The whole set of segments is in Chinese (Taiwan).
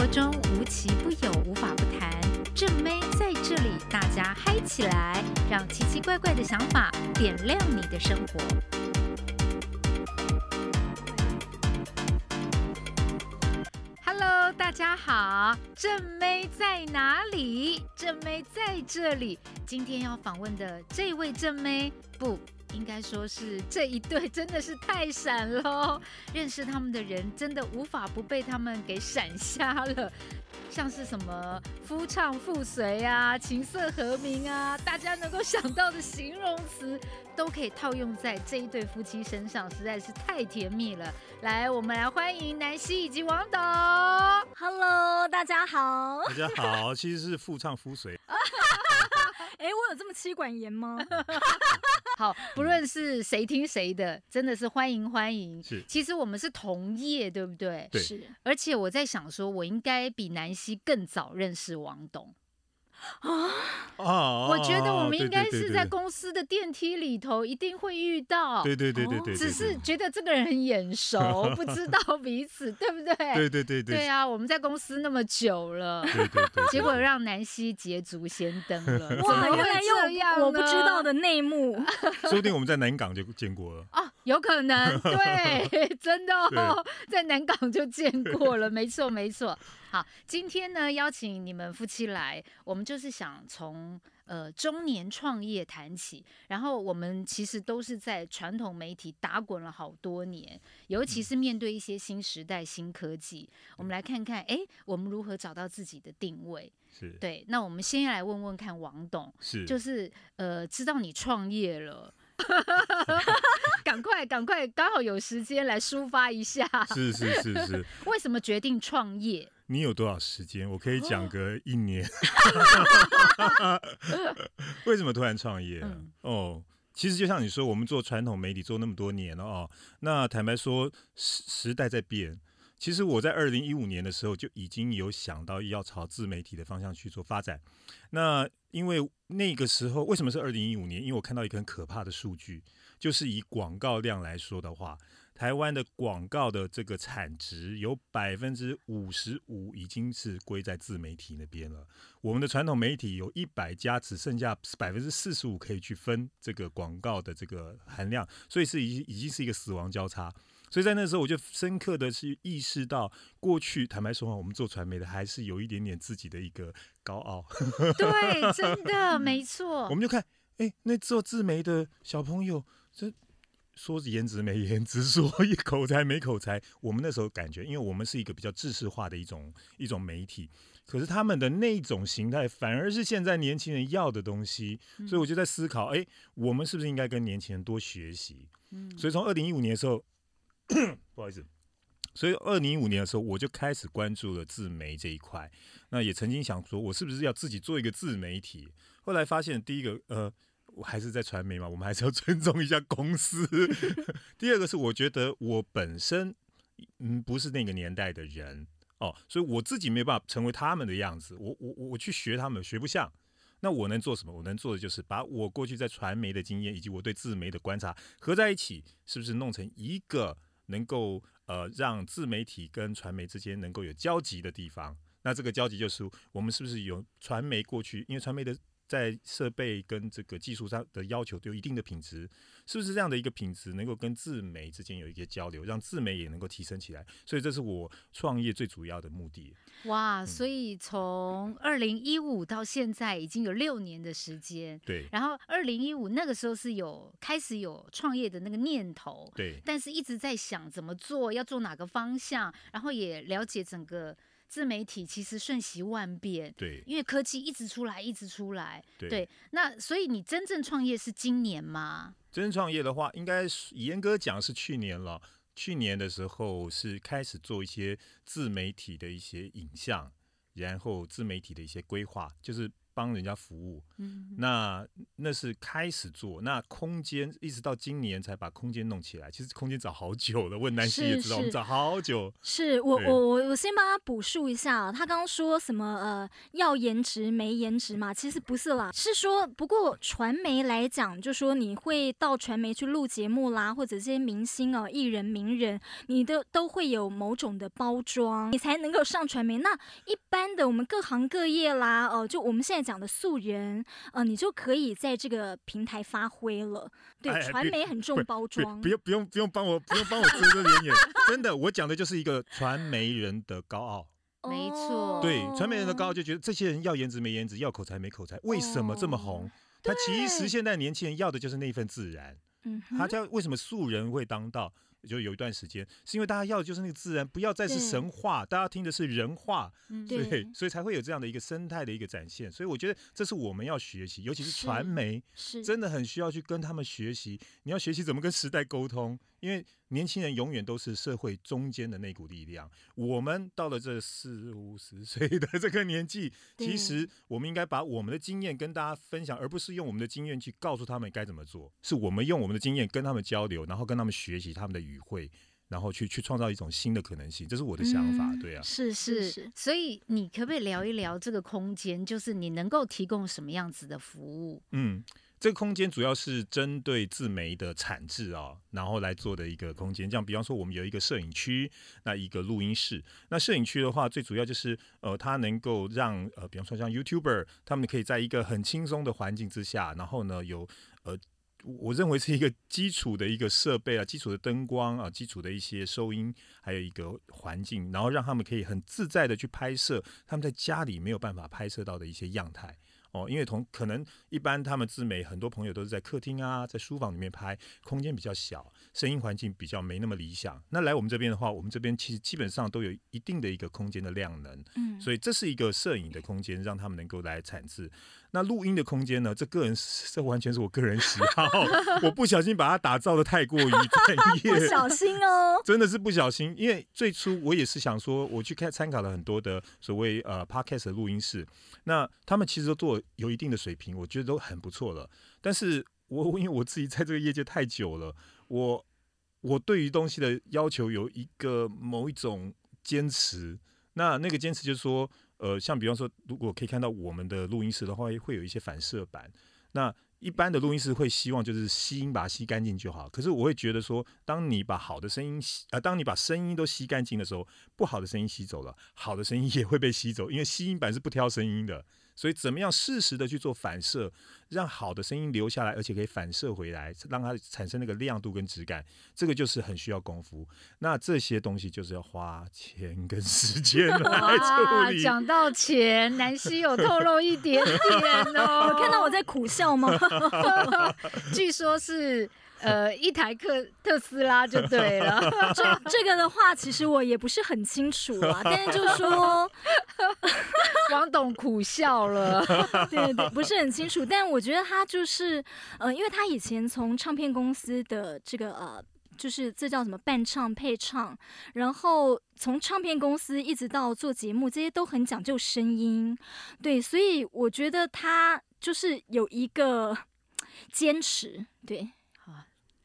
生活中無奇不有，無法不談。正妹在這裡，大家嗨起來，讓奇奇怪怪的想法點亮你的生活。Hello，大家好，正妹在哪裡？正妹在這裡。今天要訪問的這位正妹不。應該說是這一對真的是太閃嘍！認識他們的人真的無法不被他們給閃瞎了，像是什麼夫唱婦隨啊、琴瑟和鳴啊，大家能夠想到的形容詞都可以套用在這一對夫妻身上，實在是太甜蜜了。來，我們來歡迎南希以及王董。Hello，大家好。大家好，其實是夫唱婦隨。哎，我有這麼妻管嚴嗎？ 好，不論是誰聽誰的，真的是歡迎歡迎。是其實我們是同業，對不對？對。是，而且我在想說，說我應該比南希更早認識王董。啊，我覺得我們應該是在公司的電梯裡頭，一定會遇到。對對對對對，只是覺得這個人很眼熟，不知道彼此，對不對？對對對對，對啊，我們在公司那麼久了，結果讓南希捷足先登了。哇，原來又有我不知道的內幕。說不定我們在南港就見過了。啊，有可能。對，真的，在南港就見過了。沒錯，沒錯。好，今天呢，邀請你們夫妻來，我們就是想從呃中年創業談起，然後我們其實都是在傳統媒體打滾了好多年，尤其是面對一些新時代新科技，嗯、我們來看看，哎、欸，我們如何找到自己的定位？是對，那我們先來問問看王董，是就是呃，知道你創業了。 趕快，剛好有時間來抒發一下。是是是是。 為什麼決定創業？你有多少時間？我可以講個一年。 為什麼突然創業、啊？嗯、哦，其實就像你說，我們做傳統媒體做那麼多年了哦。那坦白說，時時代在變。其實我在二零一五年的時候就已經有想到要朝自媒體的方向去做發展。那因為那個時候，為什麼是二零一五年？因為我看到一個很可怕的數據。就是以廣告量來說的話，台灣的廣告的這個產值有百分之五十五已經是歸在自媒體那邊了。我們的傳統媒體有一百家，只剩下百分之四十五可以去分這個廣告的這個含量，所以是已經已經是一個死亡交叉。所以在那時候，我就深刻的是意識到，過去坦白說話，我們做傳媒的還是有一點點自己的一個高傲。 對，真的沒錯。我們就看，哎、欸，那做自媒的小朋友，這說顏值沒顏值，說一口才沒口才，我們那時候感覺，因為我們是一個比較知識化的一種一種媒體，可是他們的那種形態，反而是現在年輕人要的東西，嗯、所以我就在思考，哎、欸，我們是不是應該跟年輕人多學習？嗯、所以從二零一五年的時候，不好意思，所以二零一五年的時候，我就開始關注了自媒這一塊，那也曾經想說，我是不是要自己做一個自媒體？後來發現，第一個，呃。還是在傳媒嘛，我們還是要尊重一下公司。 第二個是，我覺得我本身嗯不是那個年代的人哦，所以我自己沒辦法成為他們的樣子。我我我去學他們，學不像。那我能做什麼？我能做的就是把我過去在傳媒的經驗，以及我對自媒的觀察合在一起，是不是弄成一個能夠呃讓自媒體跟傳媒之間能夠有交集的地方？那這個交集就是我們是不是有傳媒過去？因為傳媒的。在設備跟這個技術上的要求都有一定的品質，是不是這樣的一個品質能夠跟自媒之間有一些交流，讓自媒也能夠提升起來？所以這是我創業最主要的目的。哇，所以從二零一五到現在已經有六年的時間，嗯。對。然後二零一五那個時候是有開始有創業的那個念頭。對。但是一直在想怎麼做，要做哪個方向，然後也了解整個。自媒體其實瞬息萬變，對，因為科技一直出來，一直出來，對，對。那所以你真正創業是今年嗎？真正創業的話，應該嚴格講是去年了。去年的時候是開始做一些自媒體的一些影像，然後自媒體的一些規劃，就是。幫人家服務，嗯，那那是開始做，那空間一直到今年才把空間弄起來。其實空間找好久了，問南希也知道我們找好久。是，是，對是我我我我先幫他補述一下，他剛剛說什麼呃要顏值沒顏值嘛？其實不是啦，是說不過傳媒來講，就說你會到傳媒去錄節目啦，或者這些明星哦、藝人、名人，你都都會有某種的包裝，你才能夠上傳媒。那一般的我們各行各業啦，哦、呃，就我們現在，講的素人，呃，你就可以在這個平台發揮了。對，哎，傳媒很重包裝，哎，不用不用不用幫我，不用幫我遮遮掩掩。 真的，我講的就是一個傳媒人的高傲。沒錯，對，傳媒人的高傲就覺得這些人要顏值沒顏值，要口才沒口才，為什麼這麼紅？他，哦、其實現在年輕人要的就是那份自然。嗯哼，他叫為什麼素人會當道？就有一段時間，是因為大家要的就是那個自然，不要再是神話，對，大家聽的是人話，嗯，所以所以才會有這樣的一個生態的一個展現。所以我覺得這是我們要學習，尤其是傳媒，是，是真的很需要去跟他們學習。你要學習怎麼跟時代溝通。因為年輕人永遠都是社會中間的那股力量。我們到了這四五十歲的這個年紀，其實我們應該把我們的經驗跟大家分享，而不是用我們的經驗去告訴他們該怎麼做。是我們用我們的經驗跟他們交流，然後跟他們學習他們的語彙，然後去去創造一種新的可能性。這是我的想法，嗯，對啊。是是，所以你可不可以聊一聊這個空間，就是你能夠提供什麼樣子的服務？嗯。這個空間主要是針對自媒的產製啊、哦，然後來做的一個空間。像比方說，我們有一個攝影區，那一個錄音室。那攝影區的話，最主要就是呃，它能夠讓呃，比方說像 YouTuber，他們可以在一個很輕鬆的環境之下，然後呢，有呃，我認為是一個基礎的一個設備啊，基礎的燈光啊，基礎的一些收音，還有一個環境，然後讓他們可以很自在的去拍攝他們在家裡沒有辦法拍攝到的一些樣態。因為同可能一般，他們自媒很多朋友都是在客廳啊，在書房裡面拍，空間比較小，聲音環境比較沒那麼理想。那來我們這邊的話，我們這邊其實基本上都有一定的一個空間的量能，嗯，所以這是一個攝影的空間，讓他們能夠來產製。那錄音的空間呢？這個人是，這完全是我個人喜好。 我不小心把它打造得太過於專業， 不小心哦，真的是不小心。因為最初我也是想說，我去看參考了很多的所謂呃 Podcast 的錄音室，那他們其實都做有一定的水平，我覺得都很不錯了。但是我因為我自己在這個業界太久了，我我對於東西的要求有一個某一種堅持，那那個堅持就是說。呃，像比方說，如果可以看到我們的錄音室的話，會有一些反射板。那一般的錄音室會希望就是吸音，把它吸乾淨就好。可是我會覺得說，當你把好的聲音吸，啊、呃，當你把聲音都吸乾淨的時候，不好的聲音吸走了，好的聲音也會被吸走，因為吸音板是不挑聲音的。所以怎麼樣適時的去做反射，讓好的聲音留下來，而且可以反射回來，讓它產生那個亮度跟質感，這個就是很需要功夫。那這些東西就是要花錢跟時間了。哇，講到錢，南希有透露一點點哦。 看到我在苦笑嗎？ 據說，是。呃，一台客特斯拉就對了。這 這個的話，其實我也不是很清楚啊。但是就說， 王董苦笑了。 對對對，不是很清楚。但我覺得他就是，呃，因為他以前從唱片公司的這個，呃，就是這叫什麼伴唱、配唱，然後從唱片公司一直到做節目，這些都很講究聲音。對，所以我覺得他就是有一個堅持。對。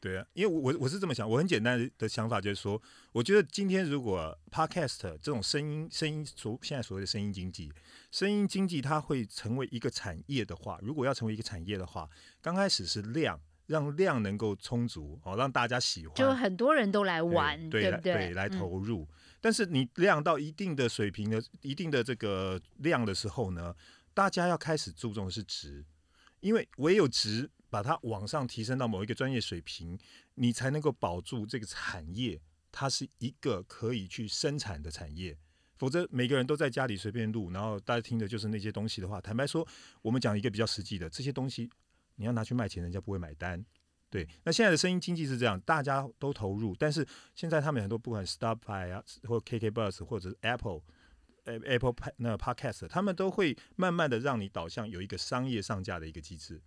對啊，因為我我我是這麼想，我很簡單的想法就是說，我覺得今天如果 Podcast 這種聲音聲音所現在所謂的聲音經濟，聲音經濟它會成為一個產業的話，如果要成為一個產業的話，剛開始是量，讓量能夠充足哦，讓大家喜歡，就很多人都來玩，呃、對對，對，對，來投入，嗯、但是你量到一定的水平的一定的這個量的時候呢，大家要開始注重的是值，因為唯有值。把它往上提升到某一個專業水平，你才能夠保住這個產業。它是一個可以去生產的產業，否則每個人都在家裡隨便錄，然後大家聽的就是那些東西的話。坦白說，我們講一個比較實際的，這些東西你要拿去賣錢，人家不會買單。對，那現在的聲音經濟是這樣，大家都投入，但是現在他們很多，不管 Spotify 啊，或者 KKBOX 或者 Apple，Apple、啊、apple, 那 Podcast，他們都會慢慢的讓你導向有一個商業上架的一個機制。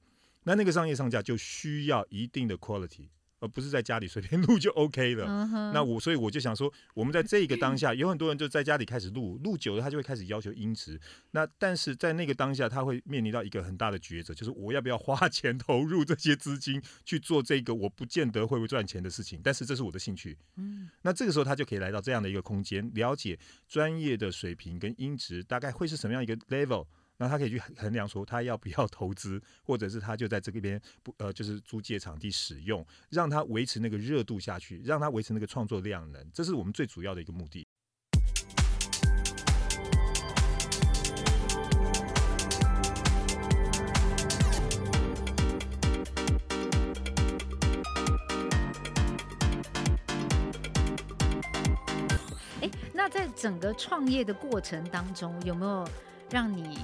那那個商業上架就需要一定的 quality，而不是在家裡隨便錄就 OK 了。那我所以我就想說，我們在這個當下，有很多人就在家裡開始錄，錄久了他就會開始要求音質。那但是在那個當下，他會面臨到一個很大的抉擇，就是我要不要花錢投入這些資金去做這個我不見得會不會賺錢的事情，但是這是我的興趣。嗯，那這個時候他就可以來到這樣的一個空間，了解專業的水平跟音質大概會是什麼樣一個 level。那他可以去衡量說，他要不要投資，或者是他就在這邊，呃，就是租借場地使用，讓他維持那個熱度下去，讓他維持那個創作量能，這是我們最主要的一個目的。誒，那在整個創業的過程當中，有沒有？讓你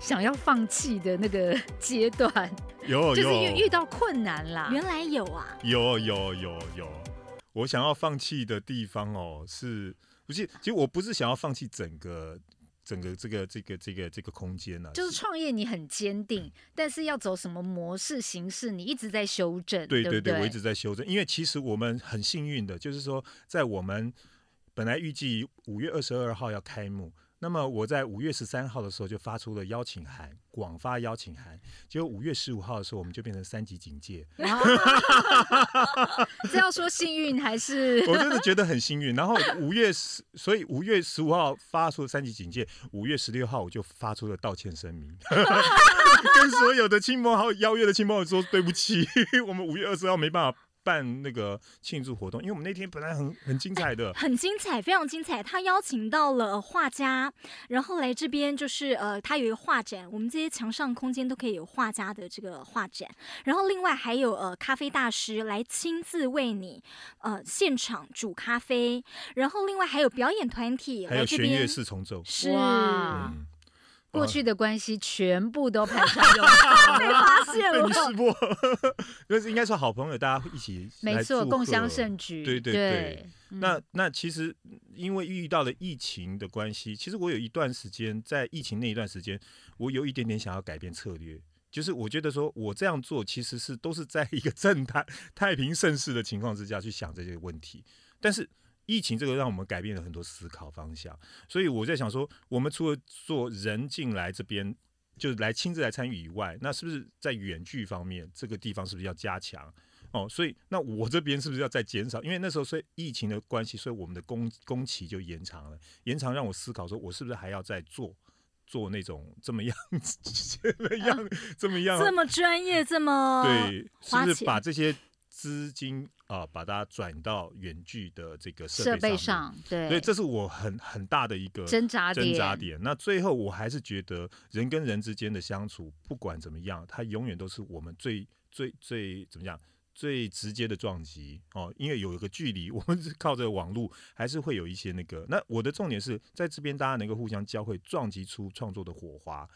想要放棄的那個階段，有，有， 就是遇到困難啦。原來有啊，有有有有、有。我想要放棄的地方哦，是，不是？其實我不是想要放棄整個整個這個這個這個這個空間呢。就是創業你很堅定，但是要走什麼模式形式，你一直在修正，對，對對對，我一直在修正。因為其實我們很幸運的，就是說在我們本來預計五月二十二號要開幕。那麼我在五月十三號的時候就發出了邀請函，廣發邀請函。結果五月十五號的時候，我們就變成三級警戒。這要說幸運還是？ 我真的覺得很幸運。然後五月十，所以五月十五號發出了三級警戒，五月十六號我就發出了道歉聲明， 跟所有的親朋好友邀約的親朋好友說對不起，我們五月二十號沒辦法。辦那個慶祝活動，因為我們那天本來很很精彩的、呃，很精彩，非常精彩。他邀請到了畫家，然後來這邊就是呃，他有一個畫展，我們這些牆上空間都可以有畫家的這個畫展。然後另外還有呃咖啡大師來親自為你呃現場煮咖啡。然後另外還有表演團體，還有弦樂四重奏，是。哇！嗯過去的關係全部都盤上、啊，被 發現了。不是呵呵，應該說好朋友，大家一起沒錯，共襄盛舉。對對對。對嗯、那那其實因為遇到了疫情的關係，其實我有一段時間，在疫情那一段時間，我有一點點想要改變策略。就是我覺得說我這樣做其實是都是在一個正太太平盛世的情況之下去想這些問題，但是。疫情這個讓我們改變了很多思考方向，所以我在想說，我們除了做人進來這邊就是來親自來參與以外，那是不是在遠距方面這個地方是不是要加強？哦，所以那我這邊是不是要再減少？因為那時候所以疫情的關係，所以我們的工工期就延長了。延長讓我思考說，我是不是還要再做做那種這麼樣子、 這麼樣、這麼樣？這麼專業，這麼對，是不是把這些？資金啊、呃，把它轉到遠距的這個設備上，對，所以這是我很很大的一個掙扎點。掙扎點，那最後我還是覺得，人跟人之間的相處，不管怎麼樣，它永遠都是我們最最最怎麼講，最直接的撞擊哦，因為有一個距離，我們是靠着網絡，還是會有一些那個。那我的重點是，在這邊大家能夠互相交匯，撞擊出創作的火花。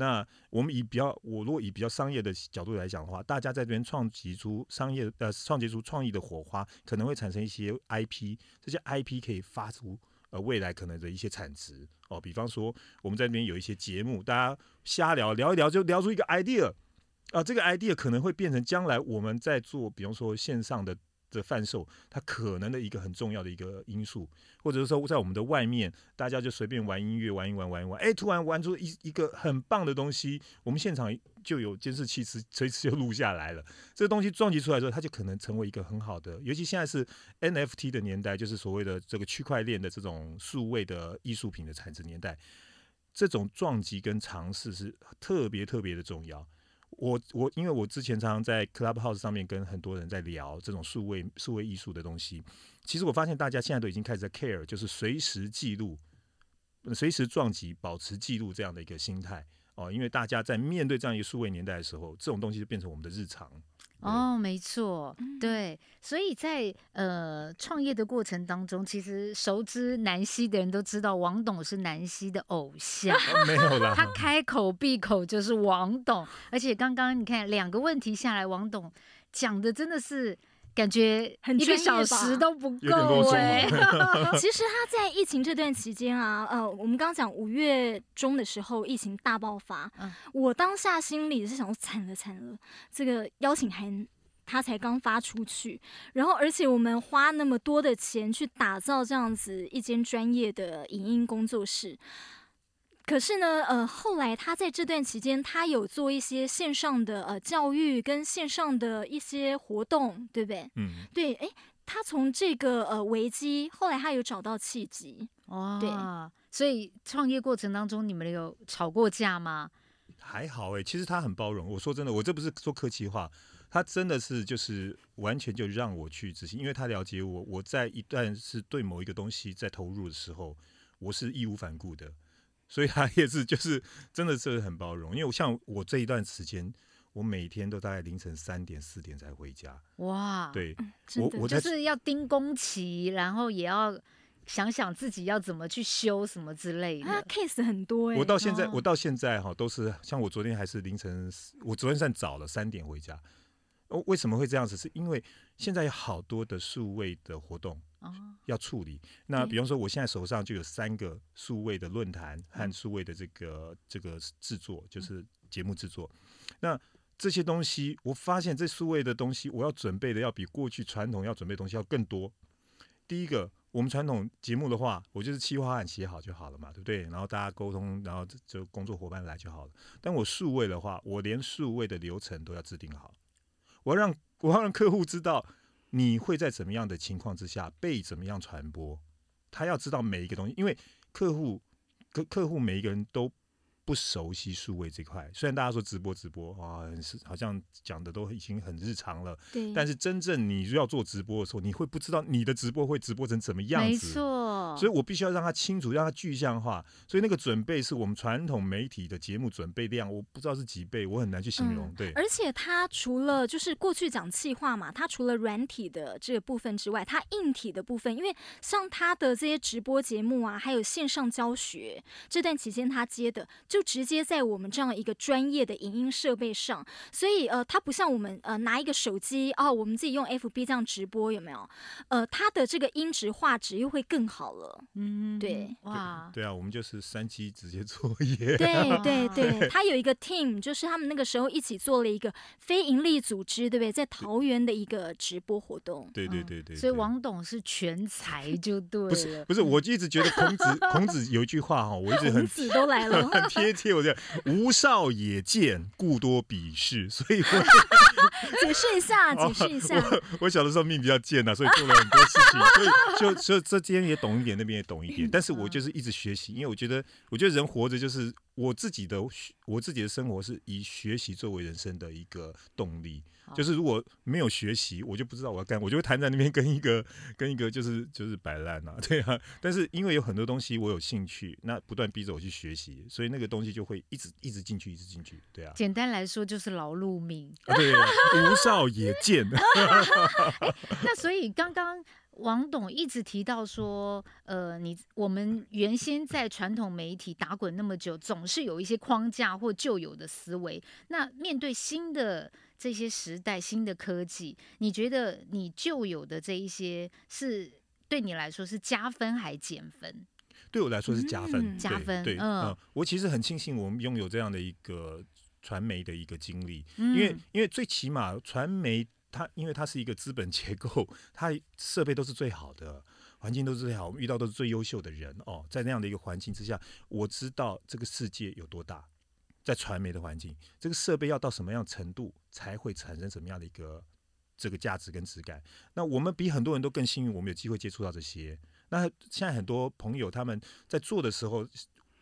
那我們以比較，我如果以比較商業的角度來講的話，大家在這邊創起出商業呃，創起出創意的火花，可能會產生一些 IP，這些 IP 可以發出呃未來可能的一些產值哦。比方說，我們在這邊有一些節目，大家瞎聊聊一聊，就聊出一個 idea，啊，這個 idea 可能會變成將來我們在做，比方說線上的。的販售，它可能的一個很重要的一個因素，或者是說在我們的外面，大家就隨便玩音樂，玩一玩，玩一玩，哎、欸，突然玩出一一個很棒的東西，我們現場就有監視器是隨時就錄下來了。這個東西撞擊出來之後，它就可能成為一個很好的，尤其現在是 NFT 的年代，就是所謂的這個區塊鏈的這種數位的藝術品的產值年代，這種撞擊跟嘗試是特別特別的重要。我我，因為我之前常常在 Clubhouse 上面跟很多人在聊這種數位數位藝術的東西，其實我發現大家現在都已經開始在 care，就是隨時記錄、隨時撞擊、保持記錄這樣的一個心態哦，因為大家在面對這樣一個數位年代的時候，這種東西就變成我們的日常。對哦，沒錯，對，嗯、所以在呃創業的過程當中，其實熟知南希的人都知道，王董是南希的偶像，哦、沒有啦、他開口閉口就是王董，而且剛剛你看兩個問題下來，王董講的真的是。感覺很一個小時都不夠哎、欸！ 其實他在疫情這段期間啊，呃，我們剛講五月中的時候疫情大爆發，嗯，我當下心裡是想說慘了慘了，這個邀請函他才剛發出去，然後而且我們花那麼多的錢去打造這樣子一間專業的影音工作室。可是呢，呃，後來他在這段期間，他有做一些線上的呃教育跟線上的一些活動，對不對？嗯，對，哎，他從這個呃危機，後來他有找到契機哦。哇對啊，所以創業過程當中，你們有吵過架嗎？還好哎、欸，其實他很包容。我說真的，我這不是說客氣話，他真的是就是完全就讓我去執行，因為他了解我。我在一段是對某一個東西在投入的時候，我是義無反顧的。所以他也是，就是真的是很包容，因為我像我這一段時間，我每天都大概凌晨三點四點才回家。哇，對，嗯、真的我我就是要盯工期，然後也要想想自己要怎麼去修什麼之類的。啊、case 很多哎、欸，我到現在、哦、我到現在哈，都是像我昨天還是凌晨，我昨天算早了三點回家。哦，為什麼會這樣子？是因為現在有好多的數位的活動。要處理。那比方說，我現在手上就有三個數位的論壇和數位的這個這個製作，就是節目製作。那這些東西，我發現這數位的東西，我要準備的要比過去傳統要準備的東西要更多。第一個，我們傳統節目的話，我就是企劃案寫好就好了嘛，對不對？然後大家溝通，然後就工作夥伴來就好了。但我數位的話，我連數位的流程都要制定好，我要讓，我要讓客戶知道。你會在怎麼樣的情況之下被怎麼樣傳播？他要知道每一個東西，因為客戶、客客戶每一個人都。不熟悉數位這塊，雖然大家說直播直播啊，是好像講的都已經很日常了，對。但是真正你要做直播的時候，你會不知道你的直播會直播成怎麼樣子，沒錯。所以我必須要讓他清楚，讓他具象化。所以那個準備是我們傳統媒體的節目準備量，我不知道是幾倍，我很難去形容。嗯、對。而且他除了就是過去講企劃嘛，他除了軟體的這個部分之外，他硬體的部分，因為像他的這些直播節目啊，還有線上教學這段期間他接的就。直接在我們這樣一個專業的影音設備上，所以呃，它不像我們呃拿一個手機哦、啊，我們自己用 FB 這樣直播有沒有？呃，它的這個音質畫質又會更好了。嗯對哇對，對，哇，對啊，我們就是三機直接作業。對對對，他有一個 team，就是他們那個時候一起做了一個非營利組織，對不對？在桃園的一個直播活動。對對對對。所以王董是全才，就對不。不是，我就我一直覺得孔子 孔子有一句話哈，我一直很，孔子都來了， 我這樣，無少也賤，故多鄙視，所以我解釋一下，解釋一下、啊我。我小的時候命比較賤吶、啊，所以做了很多事情， 所以所以這邊也懂一點，那邊也懂一點。嗯、但是我就是一直學習，因為我覺得，我覺得人活着就是。我自己的學，我自己的生活是以學習作為人生的一個動力。好就是如果沒有學習，我就不知道我要幹，我就會癱在那邊跟一個跟一個就是就是擺爛啊，對啊。但是因為有很多東西我有興趣，那不斷逼着我去學習，所以那個東西就會一直一直進去，一直進去，對啊。簡單來說就是勞碌命，啊、對、啊，無少也見。 欸、那所以剛剛王董一直提到說，呃，你我們原先在傳統媒體打滾那麼久，總是有一些框架或舊有的思維。那面對新的這些時代、新的科技，你覺得你舊有的這一些是對你來說是加分還是減分？對我來說是加分，嗯、加分。對，對，嗯，嗯，我其實很慶幸我們擁有這樣的一個傳媒的一個經歷，嗯、因為因為最起碼傳媒。它因為它是一個資本結構，它設備都是最好的，環境都是最好，我們遇到都是最優秀的人哦，在那樣的一個環境之下，我知道這個世界有多大，在傳媒的環境，這個設備要到什麼樣程度才會產生什麼樣的一個這個價值跟質感。那我們比很多人都更幸運，我們有機會接觸到這些。那現在很多朋友他們在做的時候。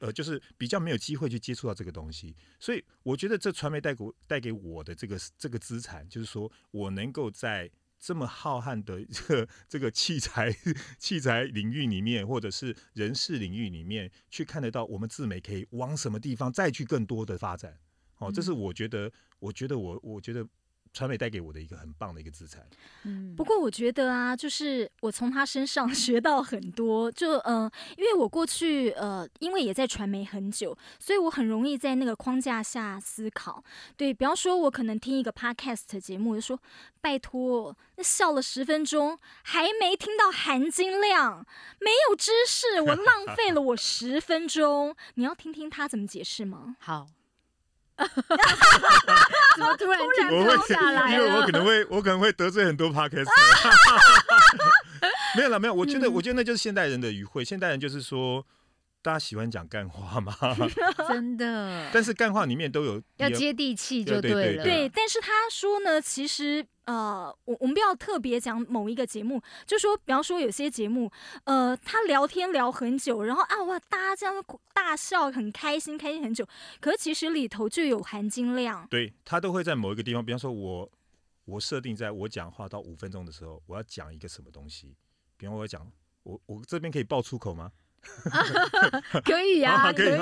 呃，就是比較沒有機會去接觸到這個東西，所以我覺得這傳媒帶給帶給我的這個這個資產，就是說我能夠在這麼浩瀚的這個這個器材器材領域裡面，或者是人事領域裡面，去看得到我們自媒可以往什麼地方再去更多的發展。哦，這是我覺得，嗯、我覺得我，我覺得。傳媒帶給我的一個很棒的一個資產，嗯，不過我覺得啊，就是我從他身上學到很多，就嗯、呃，因為我過去呃，因為也在傳媒很久，所以我很容易在那個框架下思考。對，比方說我可能聽一個 podcast 節目，就說拜託，那笑了十分鐘，還沒聽到含金量，沒有知識，我浪費了我十分鐘。 你要聽聽他怎麼解釋嗎？好。啊！ 怎麼突然間崩下來？因為我可能會， 我可能會得罪很多 Podcast, 沒有了，沒有。我覺得，嗯、我覺得那就是現代人的語彙。現代人就是說，大家喜歡講幹話嘛？真的。但是幹話裡面都有要接地氣就對，對了。對，但是他說呢，其實。呃，我我們不要特別講某一個節目，就說比方說有些節目，呃，他聊天聊很久，然後啊哇，大家這樣大笑，很開心，開心很久。可是其實裡頭就有含金量，對他都會在某一個地方，比方說我我設定在我講話到五分鐘的時候，我要講一個什麼東西，比方我要講，我我這邊可以爆粗口嗎？可以啊，可以，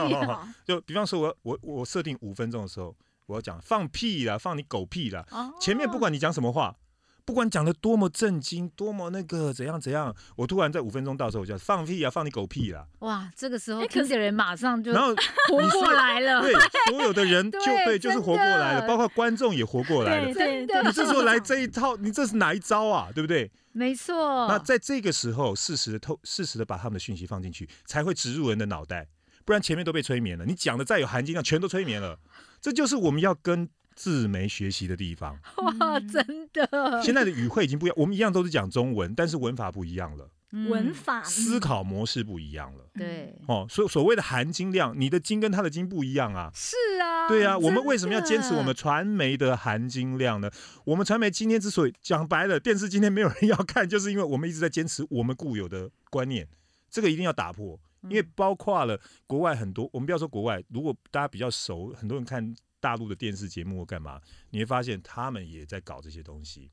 就比方說我我我設定五分鐘的時候。我要講放屁了，放你狗屁了！前面不管你講什麼話，不管講的多麼震驚，多麼那個怎樣怎樣，我突然在五分鐘到時候我就要放屁啊，放你狗屁了！哇，這個時候聽者人馬上就然後活過來了，對，所有的人就對就是活過來了，包括觀眾也活過來了。對對對，你這時候來這一套，你這是哪一招啊？對不對？沒錯。那在這個時候，適時的透適時的把他們的訊息放進去，才會植入人的腦袋，不然前面都被催眠了。你講的再有含金量，全都催眠了。這就是我們要跟自媒學習的地方哇！真的，現在的語彙已經不一樣，我們一樣都是講中文，但是文法不一樣了，文法、思考模式不一樣了。對哦，所所謂的含金量，你的金跟他的金不一樣啊。是啊，對啊，真的，我們為什麼要堅持我們傳媒的含金量呢？我們傳媒今天之所以講白了，電視今天沒有人要看，就是因為我們一直在堅持我們固有的觀念，這個一定要打破。因為包括了國外很多，我們不要說國外，如果大家比較熟，很多人看大陸的電視節目或幹嘛，你會發現他們也在搞這些東西，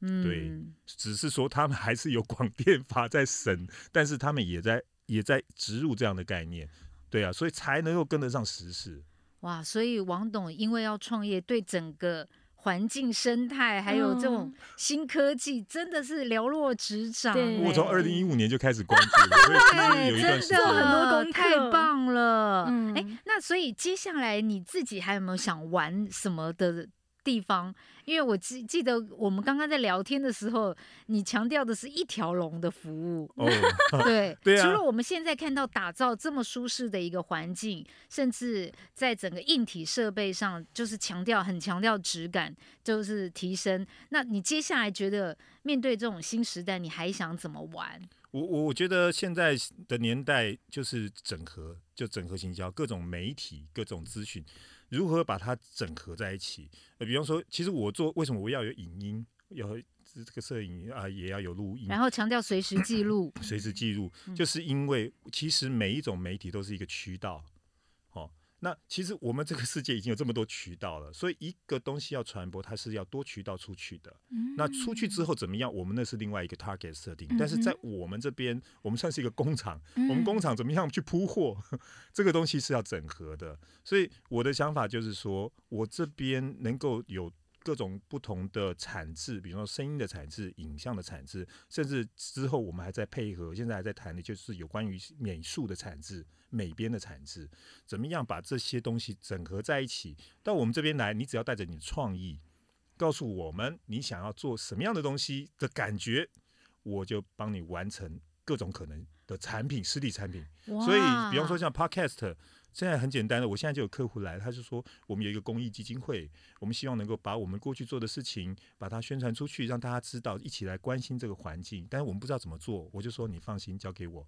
嗯，對，只是說他們還是有廣電法在審，但是他們也在也在植入這樣的概念，對啊，所以才能夠跟得上時事。哇，所以王董因為要創業，對整個。環境、生態，還有這種新科技，嗯、真的是了若指掌。我從二零一五年就開始關注了，對 對，真的做很多功課，太棒了。哎、嗯欸，那所以接下來你自己還有沒有想玩什麼的？地方，因為我記記得我們剛剛在聊天的時候，你強調的是一條龍的服務，哦、 對，對啊。除了我們現在看到打造這麼舒適的一個環境，甚至在整個硬體設備上，就是強調很強調質感，就是提升。那你接下來覺得面對這種新時代，你還想怎麼玩？我我我覺得現在的年代就是整合，就整合行銷，各種媒體，各種資訊。如何把它整合在一起？呃，比方說，其實我做為什麼我要有影音，有這個攝影啊，也要有錄音，然後強調隨時記錄，隨時記錄，嗯、就是因為其實每一種媒體都是一個渠道。那其實我們這個世界已經有這麼多渠道了，所以一個東西要傳播，它是要多渠道出去的。嗯、那出去之後怎麼樣？我們那是另外一個 target 設定，嗯嗯，但是在我們這邊，我們算是一個工廠，我們工廠怎麼樣去鋪貨？ 這個東西是要整合的。所以我的想法就是說，我這邊能夠有。各種不同的產製，比如說聲音的產製、影像的產製，甚至之後我們還在配合，現在還在談的就是有關於美術的產製，美編的產製，怎麼樣把這些東西整合在一起到我們這邊來？你只要帶着你的創意，告訴我們你想要做什麼樣的東西的感覺，我就幫你完成各種可能的產品、實體產品。哇所以，比方說像 Podcast。現在很簡單的，我現在就有客戶來，他就說，我們有一個公益基金會，我們希望能夠把我們過去做的事情把它宣傳出去，讓大家知道，一起來關心這個環境。但是我們不知道怎麼做，我就說，你放心交給我。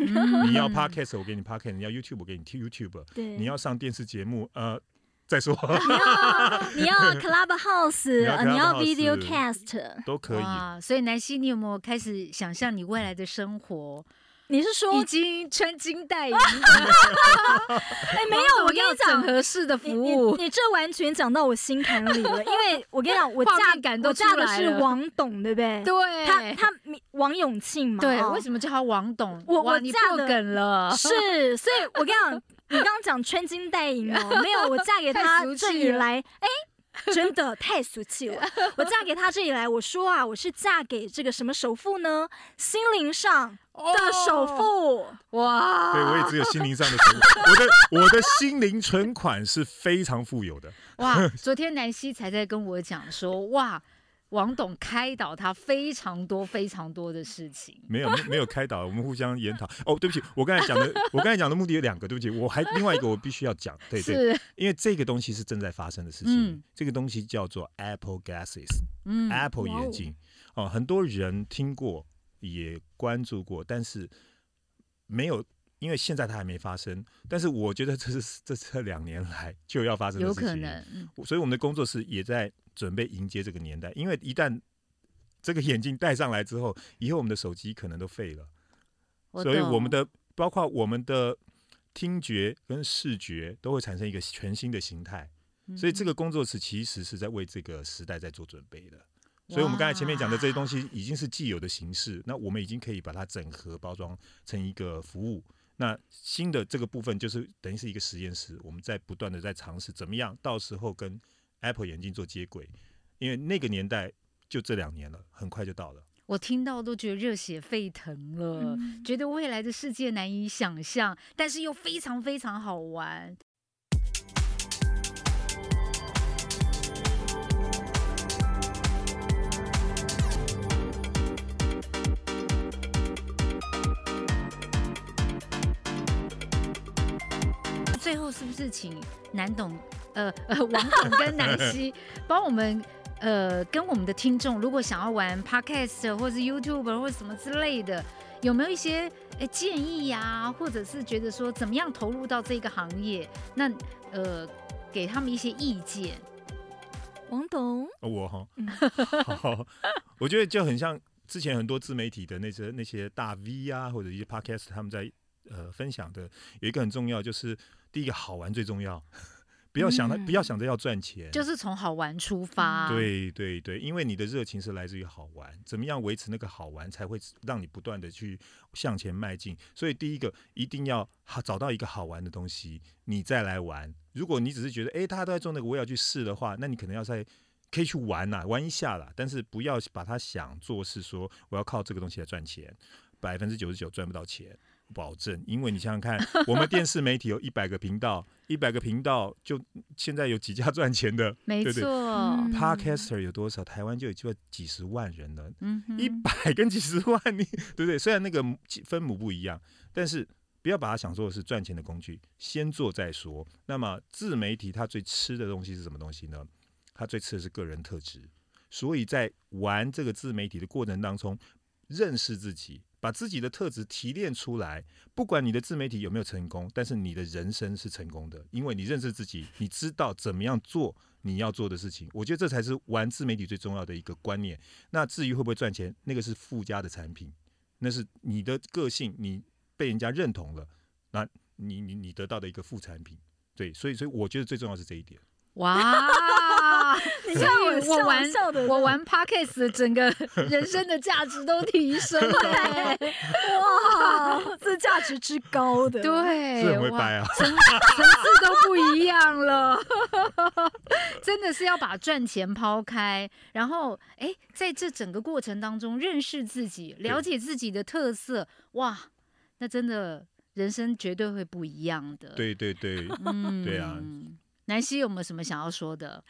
嗯、你要 podcast 我給你 podcast，你要 YouTube 我給你 YouTube，對，你要上電視節目呃再說， 你要 Clubhouse，你要 Clubhouse 要 Clubhouse 要 Video Cast 都可以啊。所以南希，你有沒有開始想象你未來的生活？你是說已經穿金戴銀了？哎，沒有，我跟你講，整合式的服務，你這完全講到我心坎裡了。因為我跟你講，我嫁的是王董，對不對？對，他王永慶嘛，對，為什麼叫他王董？我我嫁的，是，所以我跟你講，你剛剛講穿金戴銀哦，沒有，我嫁給他，這以來，哎。 真的太俗氣了！我嫁給他這裡來，我說啊，我是嫁給這個什麼首富呢？心靈上的首富，哦、哇！對，我也只有心靈上的首富， 我的我的心靈存款是非常富有的。哇！ 昨天南希才在跟我講說，哇。王董開導他非常多非常多的事情，沒有沒沒有開導， 我們互相研討。哦，對不起，我剛才講的，我剛才講的目的有兩個，對不起，我還另外一個我必須要講，對是對，因為這個東西是正在發生的事情，嗯、這個東西叫做 Apple Glasses、嗯、Apple 眼鏡、哦哦，很多人聽過也關注過，但是沒有。因為現在它還沒發生，但是我覺得這是這這兩年來就要發生的事情，有可能。所以我們的工作室也在準備迎接這個年代。因為一旦這個眼鏡戴上來之後，以後我們的手機可能都廢了，懂所以我們的包括我們的聽覺跟視覺都會產生一個全新的形態。所以這個工作室其實是在為這個時代在做準備的。所以，我們剛才前面講的這些東西已經是既有的形式，哇那我們已經可以把它整合包裝成一個服務。那新的這個部分就是等於是一個實驗室，我們在不斷的在嘗試怎麼樣，到時候跟 Apple 眼鏡做接軌，因為那個年代就這兩年了，很快就到了。我聽到都覺得熱血沸騰了，嗯，覺得未來的世界難以想象，但是又非常非常好玩。最後是不是請南董，呃呃王董跟南希 幫我們，呃跟我們的聽眾，如果想要玩 Podcast 或是 YouTube 或者什麼之類的，有沒有一些呃建議呀、啊，或者是覺得說怎麼樣投入到這個行業？那呃給他們一些意見。王董，哦、我哈，我覺得就很像之前很多自媒體的那些那些大 V 呀、啊，或者一些 Podcast，他們在。呃，分享的有一個很重要，就是第一個好玩最重要，不要想，不要想着、嗯、要賺錢，就是從好玩出發。嗯、對對對，因為你的熱情是來自於好玩，怎麼樣維持那個好玩，才會讓你不斷的去向前邁進。所以第一個一定要好找到一個好玩的東西，你再來玩。如果你只是覺得，哎，他都在做那個，我要去試的話，那你可能要再可以去玩吶、啊，玩一下啦。但是不要把他想做是說我要靠這個東西來賺錢，百分之九十九賺不到錢。保證，因為你想想看，我們電視媒體有一百個頻道，一百 個頻道就現在有幾家賺錢的，沒錯。對不對？嗯、Podcaster 有多少？台灣就有幾幾十萬人了，嗯哼，一百跟幾十萬，你對不對？雖然那個分母不一樣，但是不要把它想做的是賺錢的工具，先做再說。那麼自媒體它最吃的東西是什麼東西呢？它最吃的是個人特質，所以在玩這個自媒體的過程當中，認識自己。把自己的特質提煉出來，不管你的自媒體有沒有成功，但是你的人生是成功的，因為你認識自己，你知道怎麼樣做你要做的事情。我覺得這才是玩自媒體最重要的一個觀念。那至於會不會賺錢，那個是附加的產品，那是你的個性，你被人家認同了，那你你你得到的一個副產品。對，所以所以我覺得最重要的是這一點。哇。你看我玩我玩 Podcast, 的 整個人生的價值都提升了，欸， 哇， 這價值之高的。對，啊、哇，層層次都不一樣了， 真的是要把賺錢拋開，然後哎、欸，在這整個過程當中認識自己，了解自己的特色，對哇，那真的人生絕對會不一樣的，對對對，嗯，對啊，南希有沒有什麼想要說的？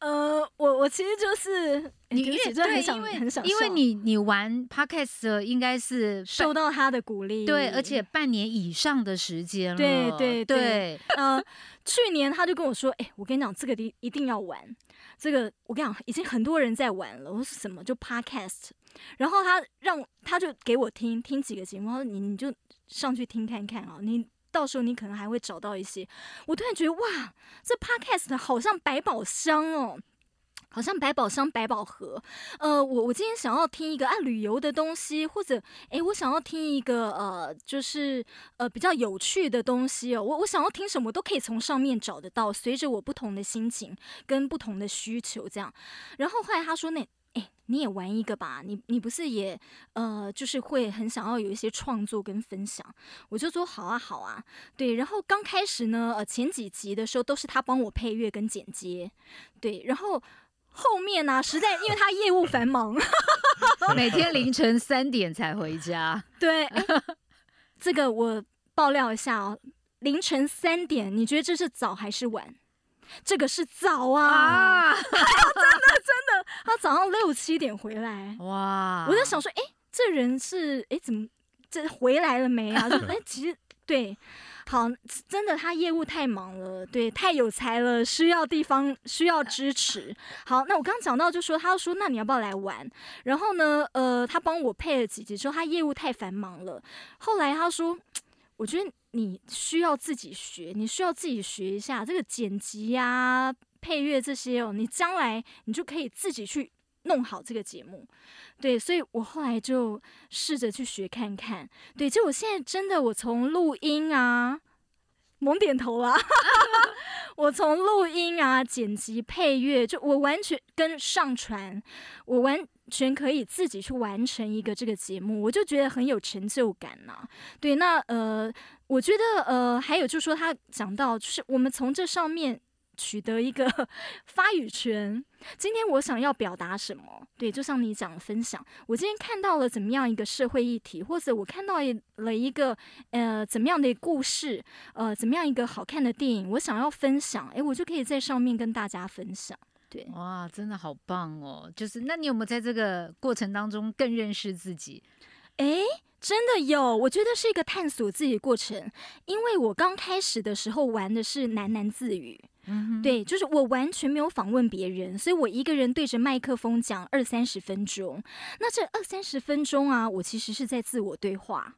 呃，我我其實就是、欸、你就對因為對，因為因為你你玩 Podcast 應該是受到他的鼓勵，對，而且半年以上的時間了，對對對。對呃， 去年他就跟我說，誒、欸，我跟你講，這個一一定要玩，這個我跟你講，已經很多人在玩了，或是什麼就 Podcast，然後他讓他就給我聽聽幾個節目，我說你你就上去聽看看啊，你。到時候你可能還會找到一些，我突然覺得哇，這 podcast 好像百寶箱哦，好像百寶箱、百寶盒。呃，我我今天想要聽一個愛、啊、旅遊的東西，或者誒、欸，我想要聽一個呃，就是呃比較有趣的東西哦。我我想要聽什麼都可以從上面找得到，隨着我不同的心情跟不同的需求這樣。然後後來他說那。欸、你也玩一個吧，你你不是也呃，就是會很想要有一些創作跟分享，我就說好啊好啊，對，然後剛開始呢，呃，前幾集的時候都是他幫我配樂跟剪接，對，然後後面呢、啊，實在因為他業務繁忙， 每天凌晨三點才回家， 對、欸，這個我爆料一下哦，凌晨三點，你覺得這是早還是晚？這個是早啊，他、啊、 真的真的，他早上六七點回來哇！我在想說，誒，這人是誒，怎麼這回來了沒啊？說誒，其實對，好，真的他業務太忙了，對，太有才了，需要地方，需要支持。好，那我剛剛講到就說，他說那你要不要來玩？然後呢，呃，他幫我配了幾集，說他業務太繁忙了。後來他說。我覺得你需要自己學，你需要自己學一下這個剪輯呀、啊、配樂這些哦。你將來你就可以自己去弄好這個節目，對。所以我後來就試着去學看看，對。就我現在真的，我從錄音啊。猛點頭啊！ 我從錄音啊、剪輯、配樂，就我完全跟上傳，我完全可以自己去完成一個這個節目，我就覺得很有成就感呢、啊。對，那呃，我覺得呃，還有就是說，他講到就是我們從這上面。取得一個發語權。今天我想要表達什麼？對，就像你講的分享，我今天看到了怎麼樣一個社會議題，或者我看到了一個呃怎麼樣的故事，呃怎麼樣一個好看的電影，我想要分享，誒，我就可以在上面跟大家分享。對，哇，真的好棒哦！就是，那你有沒有在這個過程當中更認識自己？哎，真的有，我覺得是一個探索自己的過程。因為我剛開始的時候玩的是喃喃自語，嗯、哼對，就是我完全沒有訪問別人，所以我一個人對着麥克風講二三十分鐘。那這二三十分鐘啊，我其實是在自我對話。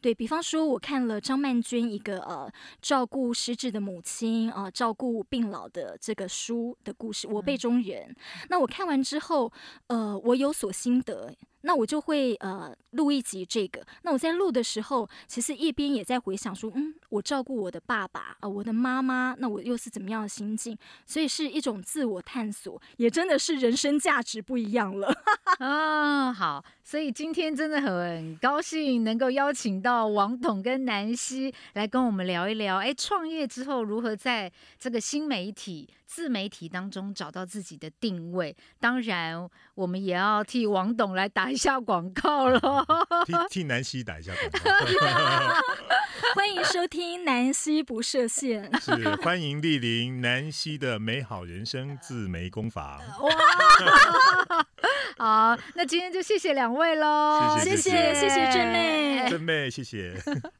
對，比方說，我看了張曼娟一個呃照顧失智的母親啊、呃，照顧病老的這個書的故事，我輩中人。嗯、那我看完之後，呃，我有所心得。那我就會呃錄一集這個。那我在錄的時候，其實一邊也在回想說，嗯，我照顧我的爸爸啊、呃，我的媽媽，那我又是怎麼樣的心境？所以是一種自我探索，也真的是人生價值不一樣了。啊、哦，好，所以今天真的很高興能夠邀請到王董跟南希來跟我們聊一聊，哎、欸，創業之後如何在這個新媒體、自媒體當中找到自己的定位。當然，我們也要替王董來打。廣 打一下廣告嘍，替替南希打一下廣告。 歡迎收聽南希不設限， 是歡迎蒞臨南希的美好人生自媒工坊。哇， 好，那今天就謝謝兩位嘍，謝謝謝謝鄭妹，鄭妹謝謝。